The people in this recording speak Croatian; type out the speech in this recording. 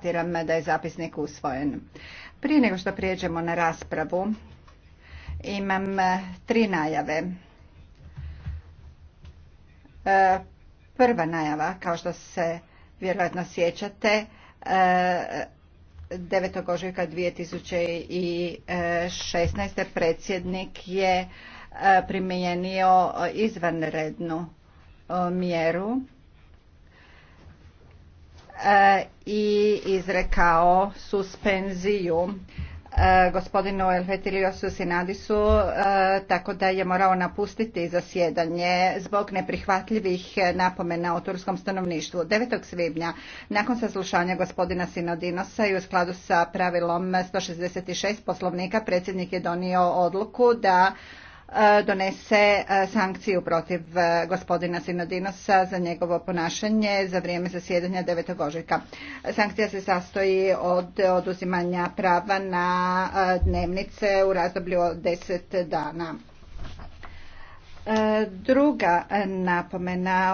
Konstatiram da je zapisnik usvojen. Prije nego što prijeđemo na raspravu, imam e, tri najave. E, prva najava, kao što se vjerojatno sjećate, 9. E, ožujka 2016. predsjednik je primijenio izvanrednu mjeru E, i izrekao suspenziju e, gospodinu Elfetiliosu Sinadisu, e, tako da je morao napustiti zasjedanje zbog neprihvatljivih napomena o turskom stanovništvu. 9. svibnja, nakon saslušanja gospodina Sinodinosa i u skladu sa pravilom 166 poslovnika, predsjednik je donio odluku da E, donese e, sankciju protiv e, gospodina Sinodinosa za njegovo ponašanje za vrijeme zasjedanja 9. ožujka. Sankcija se sastoji od oduzimanja prava na dnevnice u razdoblju od 10 dana. Druga napomena